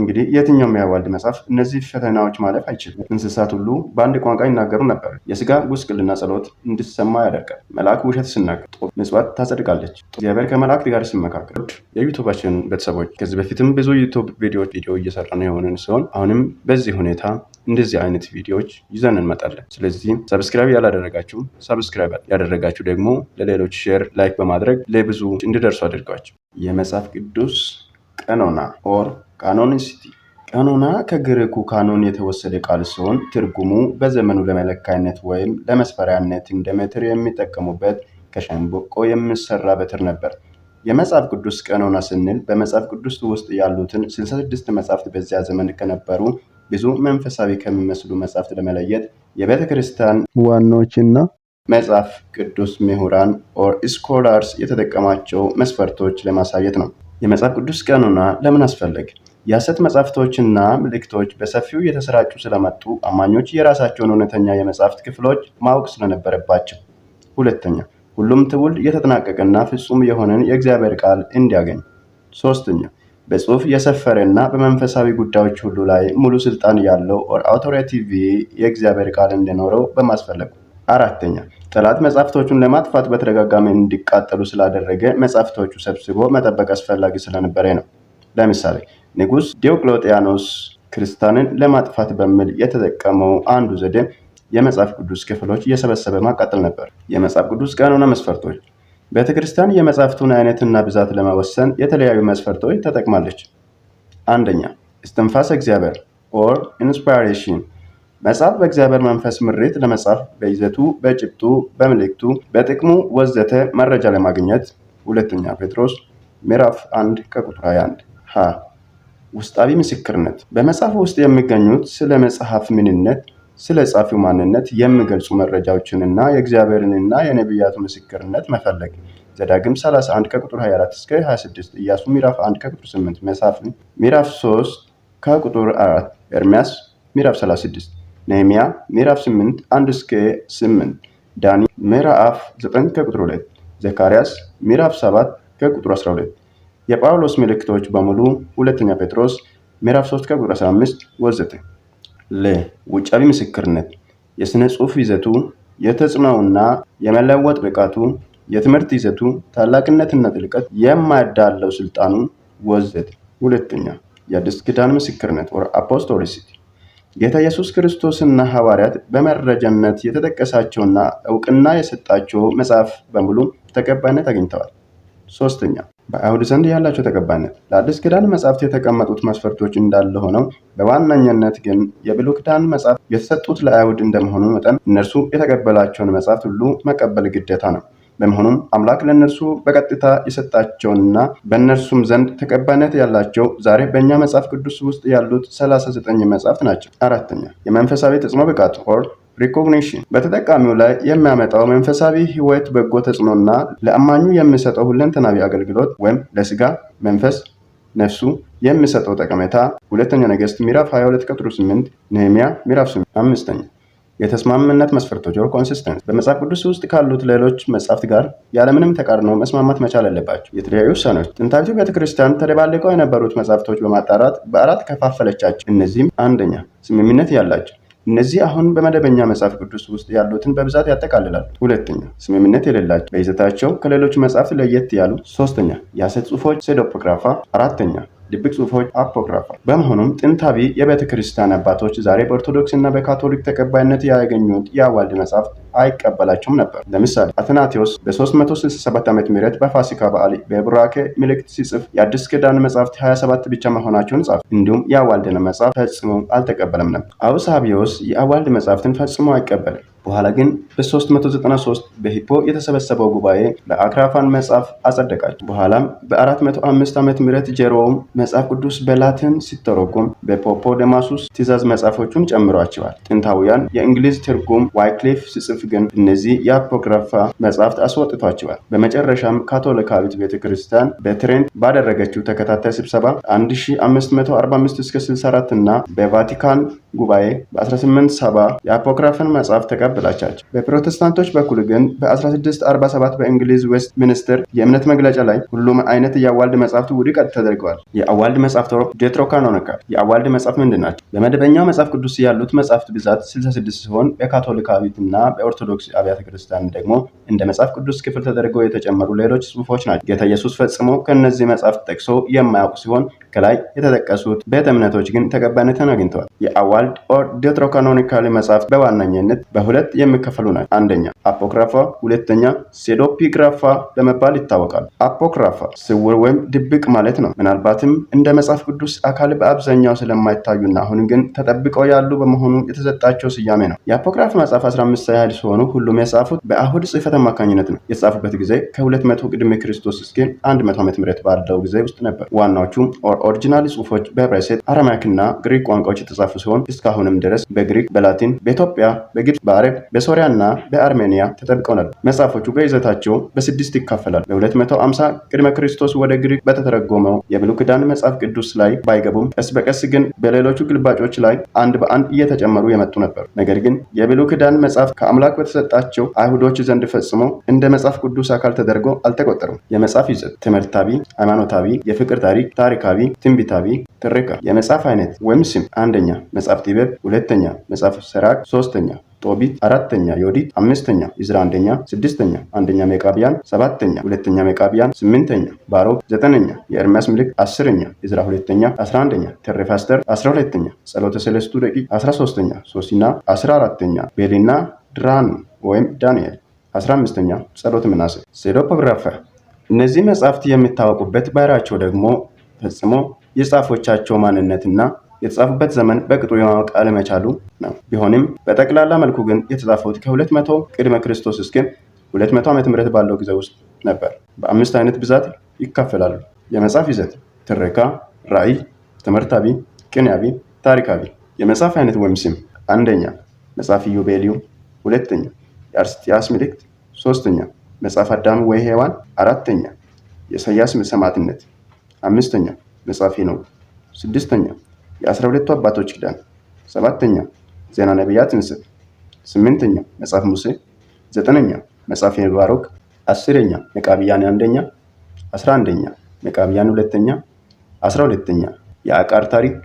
እንግዲህ የትኛውም ያዋልድ መጽሐፍ እነዚህ ፈተናዎች ማለፍ አይችልም። እንስሳት ሁሉ በአንድ ቋንቋ ይናገሩ ነበር። የስጋ ጉስቅልና ጸሎት እንድትሰማ ያደርጋል። መልአክ ውሸት ስናገር፣ ጦ ምጽዋት ታጸድቃለች። እግዚአብሔር ከመላእክት ጋር ሲመካከል። የዩቱባችን ቤተሰቦች ከዚህ በፊትም ብዙ ዩቱብ ቪዲዮዎች ቪዲዮ እየሰራ ነው የሆነን ሲሆን አሁንም በዚህ ሁኔታ እንደዚህ አይነት ቪዲዮዎች ይዘን እንመጣለን። ስለዚህ ሰብስክራይብ ያላደረጋችሁ ሰብስክራይብ ያደረጋችሁ ደግሞ ለሌሎች ሼር፣ ላይክ በማድረግ ለብዙ እንዲደርሱ አድርጓቸው። የመጽሐፍ ቅዱስ ቀኖና ኦር ቃኖኒሲቲ ቀኖና ከግሪኩ ካኖን የተወሰደ ቃል ሲሆን ትርጉሙ በዘመኑ ለመለካይነት ወይም ለመስፈሪያነት እንደ ሜትር የሚጠቀሙበት ከሸንበቆ የሚሰራ በትር ነበር። የመጽሐፍ ቅዱስ ቀኖና ስንል በመጽሐፍ ቅዱስ ውስጥ ያሉትን 66 መጽሐፍት በዚያ ዘመን ከነበሩ ብዙ መንፈሳዊ ከሚመስሉ መጽሐፍት ለመለየት የቤተ ክርስቲያን ዋናዎችና መጽሐፍ ቅዱስ ምሁራን ኦር ስኮላርስ የተጠቀማቸው መስፈርቶች ለማሳየት ነው። የመጽሐፍ ቅዱስ ቀኖና ለምን አስፈለግ? የሐሰት መጻሕፍቶችና ምልክቶች በሰፊው የተሰራጩ ስለመጡ አማኞች የራሳቸውን እውነተኛ የመጻሕፍት ክፍሎች ማወቅ ስለነበረባቸው። ሁለተኛ፣ ሁሉም ትውልድ የተጠናቀቀና ፍጹም የሆነን የእግዚአብሔር ቃል እንዲያገኝ። ሶስተኛ፣ በጽሁፍ የሰፈረና በመንፈሳዊ ጉዳዮች ሁሉ ላይ ሙሉ ስልጣን ያለው ኦር አውቶሪቲቪ የእግዚአብሔር ቃል እንዲኖረው በማስፈለጉ አራተኛ ጠላት መጽሐፍቶቹን ለማጥፋት በተደጋጋሚ እንዲቃጠሉ ስላደረገ መጽሐፍቶቹ ሰብስቦ መጠበቅ አስፈላጊ ስለነበረ ነው። ለምሳሌ ንጉስ ዲዮቅሎጥያኖስ ክርስቲያንን ለማጥፋት በሚል የተጠቀመው አንዱ ዘዴ የመጽሐፍ ቅዱስ ክፍሎች እየሰበሰበ ማቃጠል ነበር። የመጽሐፍ ቅዱስ ቀኖና መስፈርቶች ቤተክርስቲያን የመጽሐፍቱን አይነትና ብዛት ለመወሰን የተለያዩ መስፈርቶች ተጠቅማለች። አንደኛ እስትንፋሰ እግዚአብሔር ኦር ኢንስፓይሬሽን መጽሐፍ በእግዚአብሔር መንፈስ ምሬት ለመጻፍ በይዘቱ፣ በጭብጡ፣ በምልክቱ፣ በጥቅሙ ወዘተ መረጃ ለማግኘት ሁለተኛ ጴጥሮስ ምዕራፍ 1 ከቁጥር 21 ሀ ውስጣዊ ምስክርነት በመጽሐፍ ውስጥ የሚገኙት ስለ መጽሐፍ ምንነት ስለ ጻፊው ማንነት የሚገልጹ መረጃዎችንና የእግዚአብሔርንና የነቢያቱ ምስክርነት መፈለግ ዘዳግም 31 ከቁጥር 24 እስከ 26 ኢያሱ ምዕራፍ 1 ከቁጥር 8 መጽሐፍ ምዕራፍ 3 ከቁጥር 4 ኤርሚያስ ምዕራፍ 36 ነህምያ ምዕራፍ 8 1 እስከ 8 ዳኒ ምዕራፍ 9 ከቁጥር 2 ዘካርያስ ምዕራፍ 7 ከቁጥር 12 የጳውሎስ መልእክቶች በሙሉ ሁለተኛ ጴጥሮስ ምዕራፍ 3 ከቁጥር 15 ወዘተ። ለ ለውጫዊ ምስክርነት የሥነ ጽሑፍ ይዘቱ የተጽዕኖውና የመለወጥ ብቃቱ የትምህርት ይዘቱ ታላቅነትና ጥልቀት የማይዳለው ስልጣኑ ወዘተ። ሁለተኛ የአዲስ ኪዳን ምስክርነት ወር አፖስቶሊሲ ጌታ ኢየሱስ ክርስቶስና ሐዋርያት በመረጃነት የተጠቀሳቸውና እውቅና የሰጣቸው መጽሐፍ በሙሉ ተቀባይነት አግኝተዋል። ሶስተኛ በአይሁድ ዘንድ ያላቸው ተቀባይነት ለአዲስ ኪዳን መጽሐፍት የተቀመጡት መስፈርቶች እንዳለ ሆነው በዋነኛነት ግን የብሉይ ኪዳን መጽሐፍት የተሰጡት ለአይሁድ እንደመሆኑ መጠን እነርሱ የተቀበላቸውን መጽሐፍት ሁሉ መቀበል ግዴታ ነው። በመሆኑም አምላክ ለእነርሱ በቀጥታ የሰጣቸውንና በእነርሱም ዘንድ ተቀባይነት ያላቸው ዛሬ በእኛ መጽሐፍ ቅዱስ ውስጥ ያሉት 39 መጽሐፍት ናቸው። አራተኛ የመንፈሳዊ ተጽዕኖ ብቃት ኦር ሪኮግኒሽን በተጠቃሚው ላይ የሚያመጣው መንፈሳዊ ህይወት በጎ ተጽዕኖና ለአማኙ የሚሰጠው ሁለንተናዊ አገልግሎት ወይም ለስጋ መንፈስ ነፍሱ የሚሰጠው ጠቀሜታ ሁለተኛ ነገስት ምዕራፍ 22 ቁጥር 8 ነህምያ ምዕራፍ 8 አምስተኛ የተስማምነት መስፈርቶች ወር ኮንሲስተንስ በመጽሐፍ ቅዱስ ውስጥ ካሉት ሌሎች መጽሐፍት ጋር ያለምንም ተቃርኖ መስማማት መቻል አለባቸው። የተለያዩ ውሳኔዎች ጥንታዊቱ ቤተክርስቲያን ተደባልቀው የነበሩት መጽሐፍቶች በማጣራት በአራት ከፋፈለቻቸው። እነዚህም አንደኛ ስምምነት ያላቸው እነዚህ አሁን በመደበኛ መጽሐፍ ቅዱስ ውስጥ ያሉትን በብዛት ያጠቃልላል። ሁለተኛ ስምምነት የሌላቸው በይዘታቸው ከሌሎች መጽሐፍት ለየት ያሉ። ሶስተኛ የሐሰት ጽሑፎች ሴዶፖግራፋ። አራተኛ ድብቅ ጽሁፎች አፖግራፋል። በመሆኑም ጥንታዊ የቤተ ክርስቲያን አባቶች ዛሬ በኦርቶዶክስና በካቶሊክ ተቀባይነት ያገኙት የአዋልድ መጽሐፍት አይቀበላቸውም ነበር። ለምሳሌ አትናቴዎስ በ367 ዓመት ምህረት በፋሲካ በዓል በቡራኬ ምልክት ሲጽፍ የአዲስ ኪዳን መጽሐፍት 27 ብቻ መሆናቸውን ጻፍ። እንዲሁም የአዋልድን መጽሐፍ ፈጽሞ አልተቀበለም ነበር። አብሳቢዎስ የአዋልድ መጽሐፍትን ፈጽሞ አይቀበልም። በኋላ ግን በ393 በሂፖ የተሰበሰበው ጉባኤ ለአክራፋን መጽሐፍ አጸደቃቸው። በኋላም በ405 ዓመት ምረት ጀሮም መጽሐፍ ቅዱስ በላቲን ሲተረጎም በፖፖ ደማሱስ ትእዛዝ መጽሐፎቹን ጨምሯቸዋል። ጥንታውያን የእንግሊዝ ትርጉም ዋይክሊፍ ሲጽፍ ግን እነዚህ የአፖክራፋ መጽሐፍት አስወጥቷቸዋል። በመጨረሻም ካቶሊካዊት ቤተ ክርስቲያን በትሬንት ባደረገችው ተከታታይ ስብሰባ 1545 64 እና በቫቲካን ጉባኤ በ 187 የአፖክራፍን መጽሐፍ ተቀ አበላቻቸው። በፕሮቴስታንቶች በኩል ግን በ1647 በእንግሊዝ ዌስት ሚኒስትር የእምነት መግለጫ ላይ ሁሉም አይነት የአዋልድ መጽሐፍት ውድቅ ተደርገዋል። የአዋልድ መጽሐፍት ዴትሮካኖኒካል። የአዋልድ መጽሐፍት ምንድን ናቸው? በመደበኛው መጽሐፍ ቅዱስ ያሉት መጽሐፍት ብዛት 66 ሲሆን በካቶሊካዊትና በኦርቶዶክስ አብያተ ክርስቲያን ደግሞ እንደ መጽሐፍ ቅዱስ ክፍል ተደርገው የተጨመሩ ሌሎች ጽሑፎች ናቸው። ጌታ ኢየሱስ ፈጽሞ ከእነዚህ መጽሐፍት ጠቅሶ የማያውቅ ሲሆን ከላይ የተጠቀሱት ቤተ እምነቶች ግን ተቀባይነትን አግኝተዋል። የአዋልድ ኦር ዴትሮካኖኒካል መጽሐፍት በዋነኝነት በሁለት ሁለት የሚከፈሉ ናቸው። አንደኛ አፖክራፋ፣ ሁለተኛ ሴዶፒግራፋ በመባል ይታወቃሉ። አፖክራፋ ስውር ወይም ድብቅ ማለት ነው። ምናልባትም እንደ መጽሐፍ ቅዱስ አካል በአብዛኛው ስለማይታዩና አሁን ግን ተጠብቀው ያሉ በመሆኑ የተሰጣቸው ስያሜ ነው። የአፖክራፍ መጽሐፍ 15 ያህል ሲሆኑ ሁሉም የጻፉት በአይሁድ ጽህፈት አማካኝነት ነው። የጻፉበት ጊዜ ከ200 ቅድመ ክርስቶስ እስከ 100 ዓመተ ምህረት ባለው ጊዜ ውስጥ ነበር። ዋናዎቹ ኦሪጂናል ጽሁፎች በዕብራይስጥ አረማያክና ግሪክ ቋንቋዎች የተጻፉ ሲሆን እስካሁንም ድረስ በግሪክ፣ በላቲን፣ በኢትዮጵያ፣ በግብፅ፣ በአረ መጻሕፍት በሶሪያና በአርሜኒያ ተጠብቀው ነበር። መጽሐፎቹ በይዘታቸው በስድስት ይካፈላል በ በ250 ቅድመ ክርስቶስ ወደ ግሪክ በተተረጎመው የብሉይ ኪዳን መጽሐፍ ቅዱስ ላይ ባይገቡም ቀስ በቀስ ግን በሌሎቹ ግልባጮች ላይ አንድ በአንድ እየተጨመሩ የመጡ ነበር። ነገር ግን የብሉይ ኪዳን መጽሐፍ ከአምላክ በተሰጣቸው አይሁዶች ዘንድ ፈጽሞ እንደ መጽሐፍ ቅዱስ አካል ተደርጎ አልተቆጠሩም። የመጽሐፍ ይዘት ትምህርታዊ፣ ሃይማኖታዊ፣ የፍቅር ታሪክ፣ ታሪካዊ፣ ትንቢታዊ፣ ትርካ የመጽሐፍ አይነት ወይም ስም አንደኛ መጽሐፍ ቲበብ፣ ሁለተኛ መጽሐፍ ሰራክ፣ ሶስተኛ ጦቢት፣ አራተኛ ዮዲት፣ አምስተኛ ኢዝራ፣ አንደኛ፣ ስድስተኛ አንደኛ ሜቃቢያን፣ ሰባተኛ ሁለተኛ ሜቃቢያን፣ ስምንተኛ ባሮክ፣ ዘጠነኛ የኤርምያስ ምልክ፣ አስረኛ ኢዝራ ሁለተኛ፣ አስራ አንደኛ ተረፈ አስራ ሁለተኛ ጸሎተ ሰለስቱ ደቂቅ፣ አስራ ሶስተኛ ሶሲና፣ አስራ አራተኛ ቤሌና ድራኑ ወይም ዳንኤል፣ አስራ አምስተኛ ጸሎት ምናሴ ሴዶፖግራፈር እነዚህ መጻሕፍት የሚታወቁበት ባህሪያቸው ደግሞ ፈጽሞ የጻፎቻቸው ማንነትና የተጻፉበት ዘመን በቅጡ የማወቅ አለመቻሉ ነው። ቢሆንም በጠቅላላ መልኩ ግን የተጻፉት ከሁለት መቶ ቅድመ ክርስቶስ እስከ ሁለት መቶ ዓመተ ምህረት ባለው ጊዜ ውስጥ ነበር። በአምስት አይነት ብዛት ይካፈላሉ። የመጽሐፍ ይዘት ትረካ፣ ራእይ፣ ትምህርታቢ፣ ቅንያቢ፣ ታሪካቢ። የመጽሐፍ አይነት ወይም ስም አንደኛ መጽሐፍ ኢዮቤልዩ፣ ሁለተኛ የአርስጢያስ መልእክት፣ ሶስተኛ መጽሐፍ አዳም ወይ ሔዋን፣ አራተኛ የኢሳያስ ሰማዕትነት፣ አምስተኛ መጽሐፍ ሄኖክ፣ ስድስተኛ የአስራ ሁለቱ አባቶች ኪዳን፣ ሰባተኛ ዜና ነቢያት ምስል፣ ስምንተኛ መጽሐፍ ሙሴ፣ ዘጠነኛ መጽሐፍ የባሮክ፣ አስረኛ መቃብያን አንደኛ፣ አስራ አንደኛ መቃብያን ሁለተኛ፣ አስራ ሁለተኛ የአቃር ታሪክ፣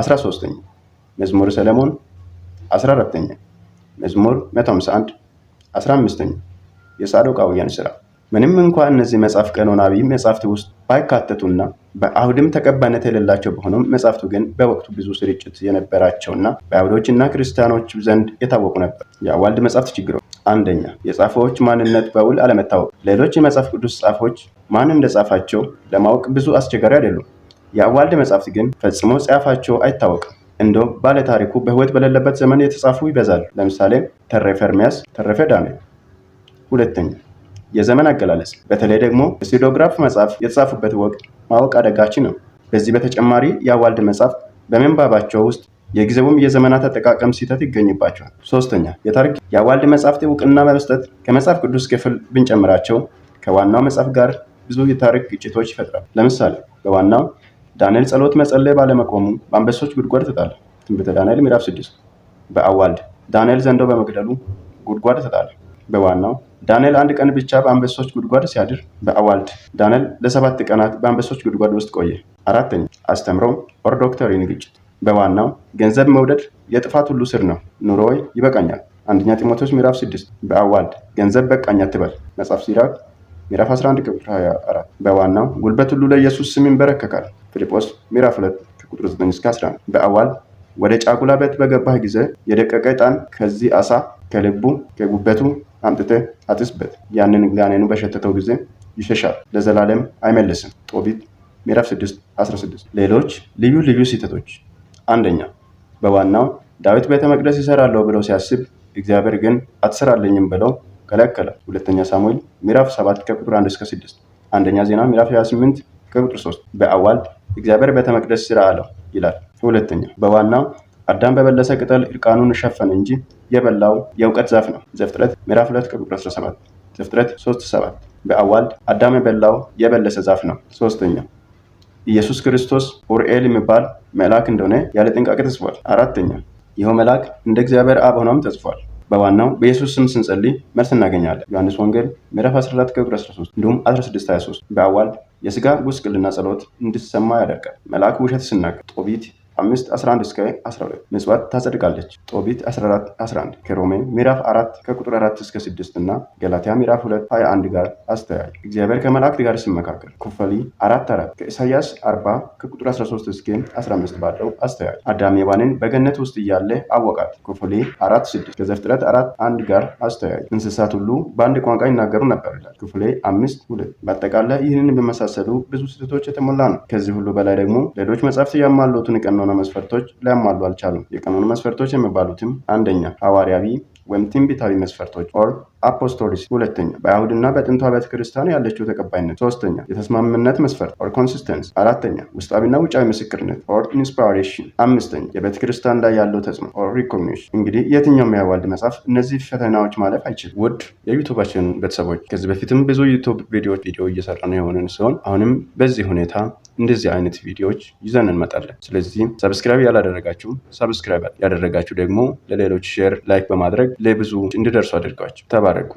አስራ ሶስተኛ መዝሙር ሰለሞን፣ አስራ አራተኛ መዝሙር መቶ አንድ አስራ አምስተኛ የሳዶቃውያን ስራ። ምንም እንኳን እነዚህ መጽሐፍ ቀኖናዊ መጽሐፍት ውስጥ ባይካተቱና በአሁድም ተቀባይነት የሌላቸው በሆኑም መጽሐፍቱ ግን በወቅቱ ብዙ ስርጭት የነበራቸውና በአይሁዶችና ክርስቲያኖች ዘንድ የታወቁ ነበር። የአዋልድ መጽሐፍት ችግሮች፣ አንደኛ የጻፎች ማንነት በውል አለመታወቅ። ሌሎች የመጽሐፍ ቅዱስ ጻፎች ማን እንደጻፋቸው ለማወቅ ብዙ አስቸጋሪ አይደሉም። የአዋልድ መጽሐፍት ግን ፈጽሞ ጻፋቸው አይታወቅም። እንደውም ባለ ታሪኩ በህይወት በሌለበት ዘመን የተጻፉ ይበዛሉ። ለምሳሌ ተረፈ ኤርምያስ፣ ተረፈ ዳንኤል። ሁለተኛ የዘመን አገላለጽ በተለይ ደግሞ ስቴዶግራፍ መጽሐፍ የተጻፉበት ወቅት ማወቅ አደጋች ነው። በዚህ በተጨማሪ የአዋልድ መጽሐፍ በምንባባቸው ውስጥ የጊዜውም የዘመናት አጠቃቀም ስህተት ይገኝባቸዋል። ሶስተኛ የታሪክ የአዋልድ መጽሐፍት እውቅና በመስጠት ከመጽሐፍ ቅዱስ ክፍል ብንጨምራቸው ከዋናው መጽሐፍ ጋር ብዙ የታሪክ ግጭቶች ይፈጥራል። ለምሳሌ በዋናው ዳንኤል ጸሎት መጸለይ ባለመቆሙ በአንበሶች ጉድጓድ ተጣለ፣ ትንቢተ ዳንኤል ምዕራፍ ስድስት በአዋልድ ዳንኤል ዘንዶ በመግደሉ ጉድጓድ ተጣለ፣ በዋናው ዳንኤል አንድ ቀን ብቻ በአንበሶች ጉድጓድ ሲያድር በአዋልድ ዳንኤል ለሰባት ቀናት በአንበሶች ጉድጓድ ውስጥ ቆየ። አራተኛ አስተምሮ ኦር ዶክተሪን ግጭት በዋናው ገንዘብ መውደድ የጥፋት ሁሉ ስር ነው። ኑሮ ወይ ይበቃኛል። አንደኛ ጢሞቴዎስ ምዕራፍ 6 በአዋልድ ገንዘብ በቃኝ አትበል። መጽሐፍ ሲራክ ምዕራፍ 11 ቁጥር 24 በዋናው ጉልበት ሁሉ ለኢየሱስ ስም ይንበረከካል። ፊልጶስ ምዕራፍ 2 ቁጥር 9 እስከ 11 በአዋልድ ወደ ጫጉላ ቤት በገባህ ጊዜ የደቀቀ ዕጣን ከዚህ አሳ ከልቡ ከጉበቱ አምጥተ አጥስበት። ያንን ጋኔኑ በሸተተው ጊዜ ይሸሻል፣ ለዘላለም አይመልስም። ጦቢት ምዕራፍ 6 16 ሌሎች ልዩ ልዩ ስህተቶች፣ አንደኛ በዋናው ዳዊት ቤተ መቅደስ ይሰራለሁ ብለው ሲያስብ እግዚአብሔር ግን አትሰራለኝም ብለው ከለከለ። ሁለተኛ ሳሙኤል ምዕራፍ 7 ከቁጥር 1 እስከ 6፣ አንደኛ ዜና ምዕራፍ 28 ከቁጥር 3። በአዋልድ እግዚአብሔር ቤተ መቅደስ ስራ አለው ይላል። ሁለተኛ በዋናው አዳም በበለሰ ቅጠል እርቃኑን ሸፈን እንጂ የበላው የእውቀት ዛፍ ነው። ዘፍጥረት ምዕራፍ 2 ቁጥር 17፣ ዘፍጥረት 3 7። በአዋልድ አዳም የበላው የበለሰ ዛፍ ነው። ሶስተኛ ኢየሱስ ክርስቶስ ኡርኤል የሚባል መልአክ እንደሆነ ያለ ጥንቃቄ ተጽፏል። አራተኛ ይኸው መልአክ እንደ እግዚአብሔር አብ ሆኖም ተጽፏል። በዋናው በኢየሱስ ስም ስንጸልይ መልስ እናገኛለን። ዮሐንስ ወንጌል ምዕራፍ 14 ቁጥር 13 እንዲሁም 16 23 በአዋልድ የስጋ ጉስቅልና ጸሎት እንድትሰማ ያደርጋል። መልአክ ውሸት ስናገር ጦቢት 5 11 እስከ 12 ምጽዋት ታጸድቃለች። ጦቢት 14 11 ከሮሜ ምዕራፍ 4 ከቁጥር 4 እስከ 6 እና ገላትያ ምዕራፍ 2 21 ጋር አስተያይ እግዚአብሔር ከመላእክት ጋር ሲመካከል ኩፈሊ 4 4 ከኢሳይያስ 40 ከቁጥር 13 እስከ 15 ባለው አስተያይ አዳም ሔዋንን በገነት ውስጥ እያለ አወቃት። ኩፈሌ 4 6 ከዘፍጥረት 4 1 ጋር አስተያይ እንስሳት ሁሉ በአንድ ቋንቋ ይናገሩ ነበር ይላል። ኩፈሌ 5 2 በአጠቃላይ ይህንን በመሳሰሉ ብዙ ስህተቶች የተሞላ ነው። ከዚህ ሁሉ በላይ ደግሞ ሌሎች መጻሕፍት ያማሉትን ቀኖና የቀኖና መስፈርቶች ሊያሟሉ አልቻሉም። የቀኖና መስፈርቶች የሚባሉትም አንደኛ ሐዋርያዊ ወይም ትንቢታዊ መስፈርቶች ኦር አፖስቶሊስ፣ ሁለተኛ በአይሁድና በጥንቷ ቤተ ክርስቲያን ያለችው ተቀባይነት፣ ሶስተኛ የተስማምነት መስፈርት ኦር ኮንሲስተንስ፣ አራተኛ ውስጣዊና ውጫዊ ምስክርነት ኦር ኢንስፓሬሽን፣ አምስተኛ የቤተ ክርስቲያን ላይ ያለው ተጽዕኖ ኦር ሪኮግኒሽን። እንግዲህ የትኛውም የአዋልድ መጽሐፍ እነዚህ ፈተናዎች ማለፍ አይችልም። ውድ የዩቱባችን ቤተሰቦች ከዚህ በፊትም ብዙ ዩቱብ ቪዲዮዎች ቪዲዮ እየሰራ ነው የሆነን ሲሆን አሁንም በዚህ ሁኔታ እንደዚህ አይነት ቪዲዮዎች ይዘን እንመጣለን። ስለዚህ ሰብስክራይብ ያላደረጋችሁ ሰብስክራይብ ያደረጋችሁ ደግሞ ለሌሎች ሼር ላይክ በማድረግ ለብዙ እንዲደርሱ አድርጓቸው። agora